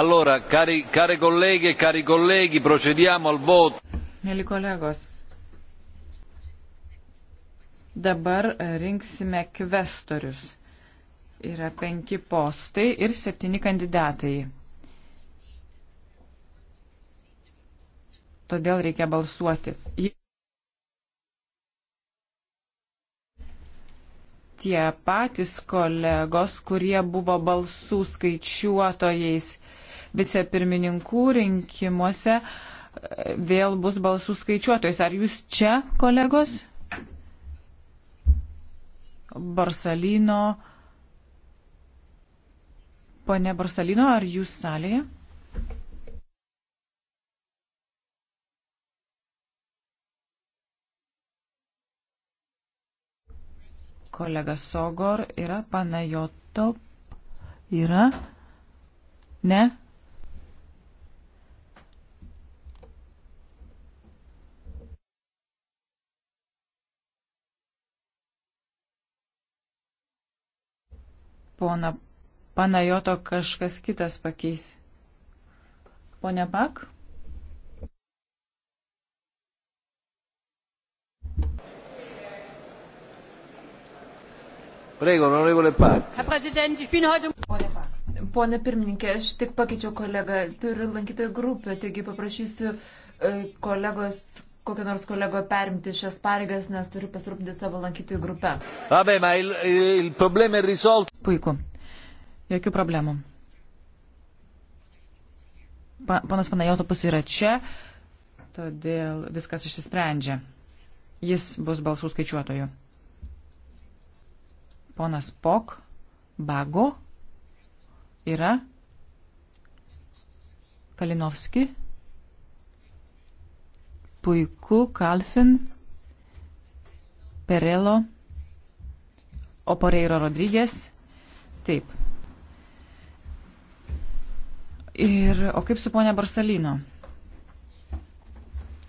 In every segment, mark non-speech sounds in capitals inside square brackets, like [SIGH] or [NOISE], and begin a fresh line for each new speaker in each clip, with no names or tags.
Allora, cari, care colleghe e cari colleghi, procediamo al voto.
Mėly kolegos, dabar e, rinksime kvestorius. Yra penki postai ir septyni kandidatai. Todėl reikia balsuoti. tie patys kolegos, kurie buvo balsų skaičiuotojais vicepirmininkų rinkimuose e, vėl bus balsų skaičiuotojais. Ar jūs čia, kolegos? Barsalino. Pane Barsalino, ar jūs salėje? Kolega Sogor yra, Panajotop yra, ne? pona Panajoto kažkas kitas pakeis. Pone Pak?
Prego, honorevole Pak.
Herr Präsident, ich bin heute... Pone Pak. Pone pirmininkė, aš tik pakeičiau kolegą, turiu lankytojų grupę, taigi paprašysiu e, kolegos kokio nors kolego perimti šias pareigas, nes turiu pasirūpinti savo lankytojų grupę.
Vabbè, ma il, il problema è risolto.
Puiku. Jokių problemų. Pa, panas Panajotopus yra čia, todėl viskas išsisprendžia. Jis bus balsų skaičiuotoju. Ponas Pok, Bago yra Kalinovski puiku, Kalfin, Perelo, Oporeiro Rodrygės. Taip. Ir, o kaip su ponia Barsalino?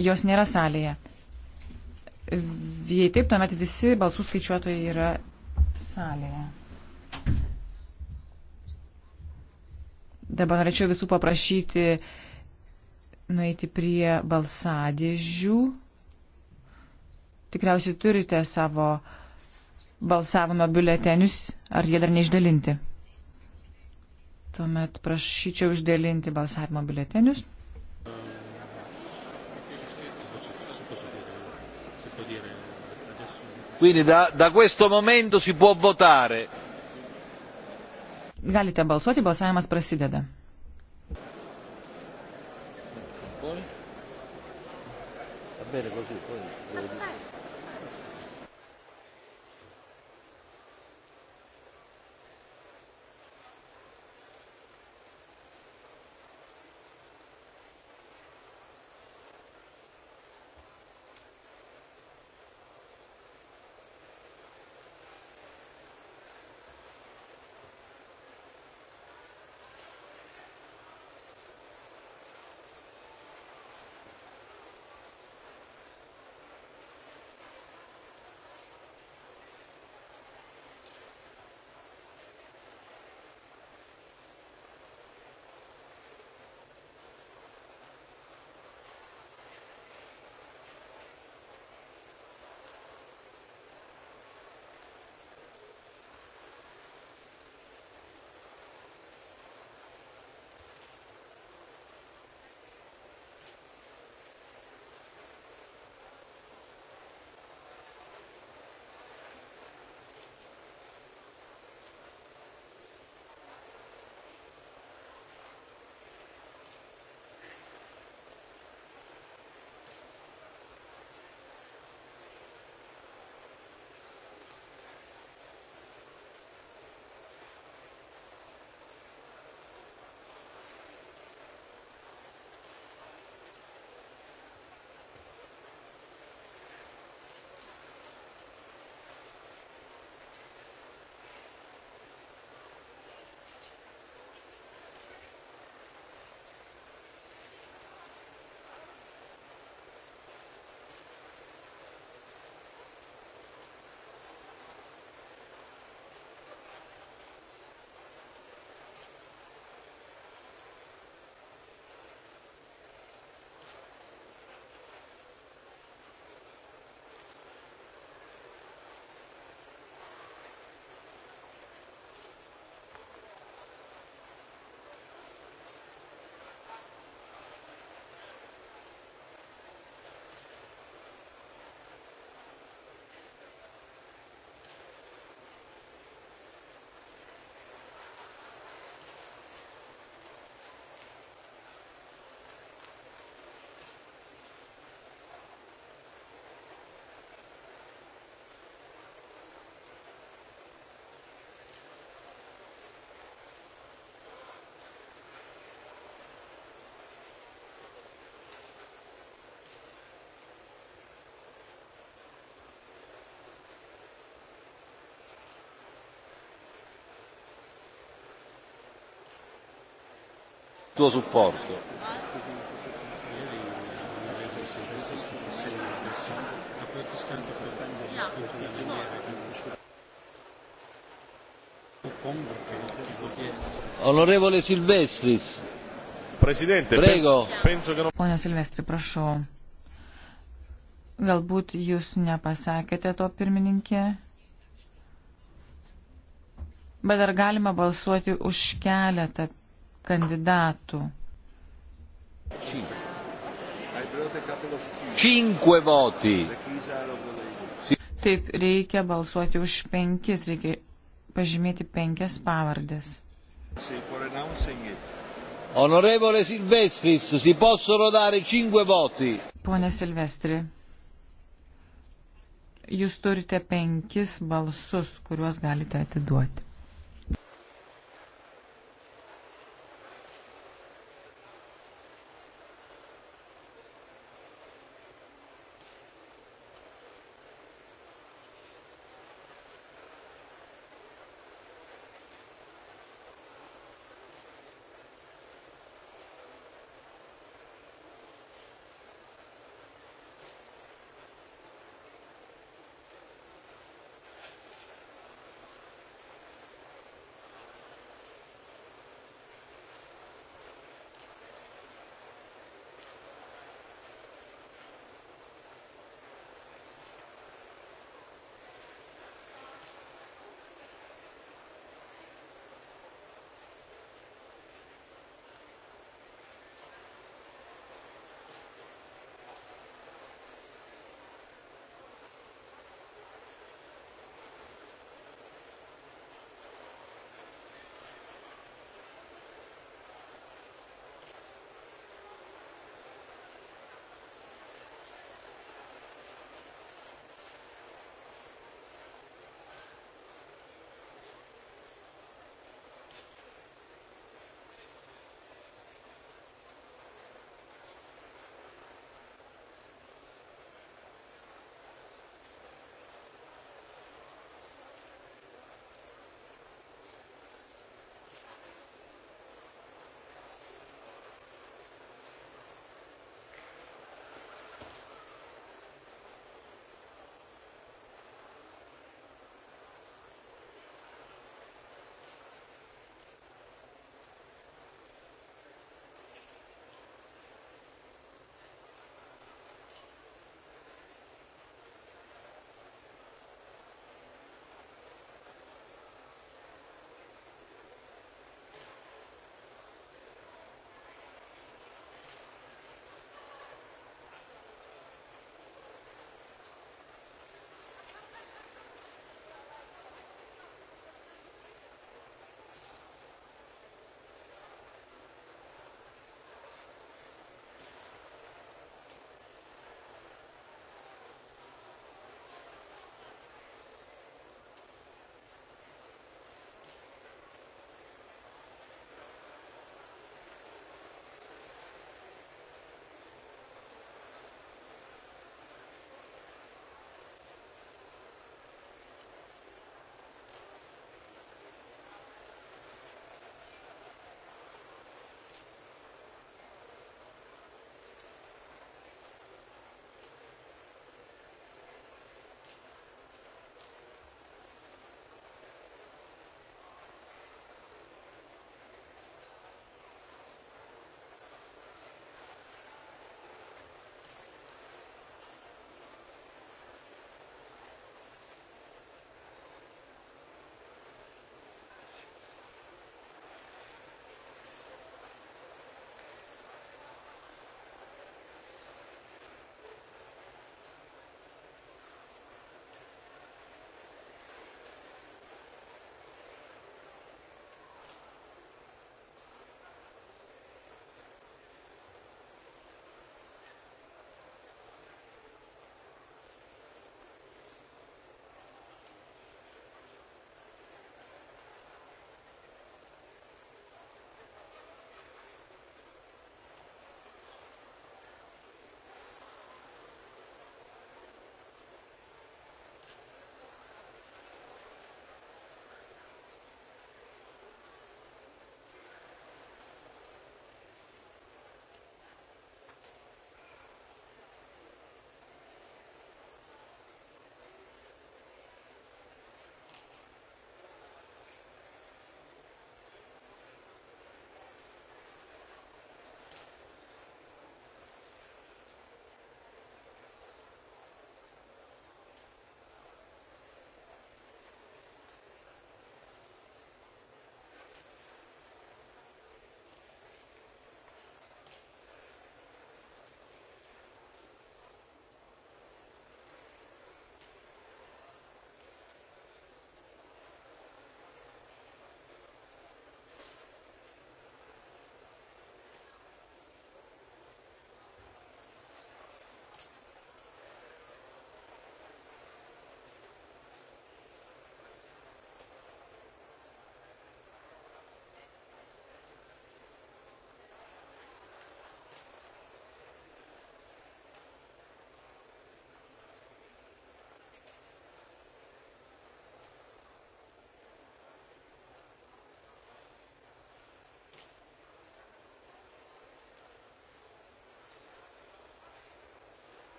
Jos nėra salėje. Jei taip, tuomet visi balsų skaičiuotojai yra salėje. Dabar norėčiau visų paprašyti nueiti prie balsadėžių. Tikriausiai turite savo balsavimo biuletenius, ar jie dar neišdalinti. Tuomet prašyčiau išdalinti balsavimo biuletenius. Quindi da, da questo momento
si può votare.
Galite balsuoti, balsavimas prasideda.
poi? Va bene così, poi... tuo supporto. Onorevole Silvestris. Presidente, Prego. Penso che
non... Pone Silvestri, prašau. Galbūt jūs nepasakėte to pirmininkė, bet ar galima balsuoti už keletą kandidatų.
Cinque voti.
Taip, reikia balsuoti už penkis, reikia pažymėti penkias pavardės.
Onorevole Silvestris, si possono dare cinque voti.
Pone Silvestri, jūs turite penkis balsus, kuriuos galite atiduoti.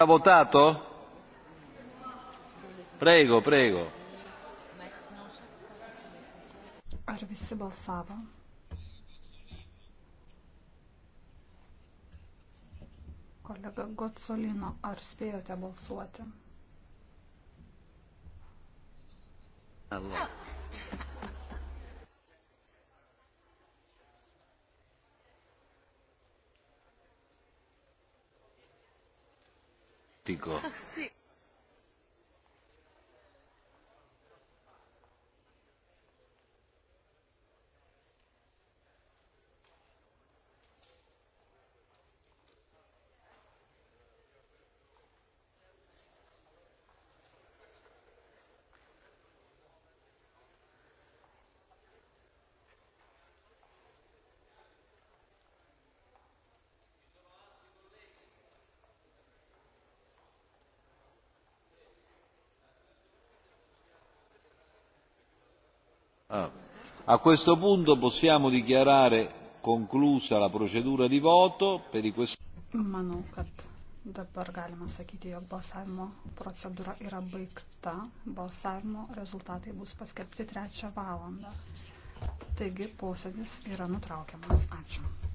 Ha votato? Prego, prego.
Ar visi balsavo? Kolega Gotsolino, ar spėjote balsuoti?
Allah. dico. [LAUGHS] Ah. A questo punto possiamo dichiarare conclusa la procedura di voto per i questioni.
Manau, kad dabar galima sakyti, jog balsavimo procedūra yra baigta. Balsavimo rezultatai bus paskelbti trečią valandą. Taigi posėdis yra nutraukiamas. Ačiū.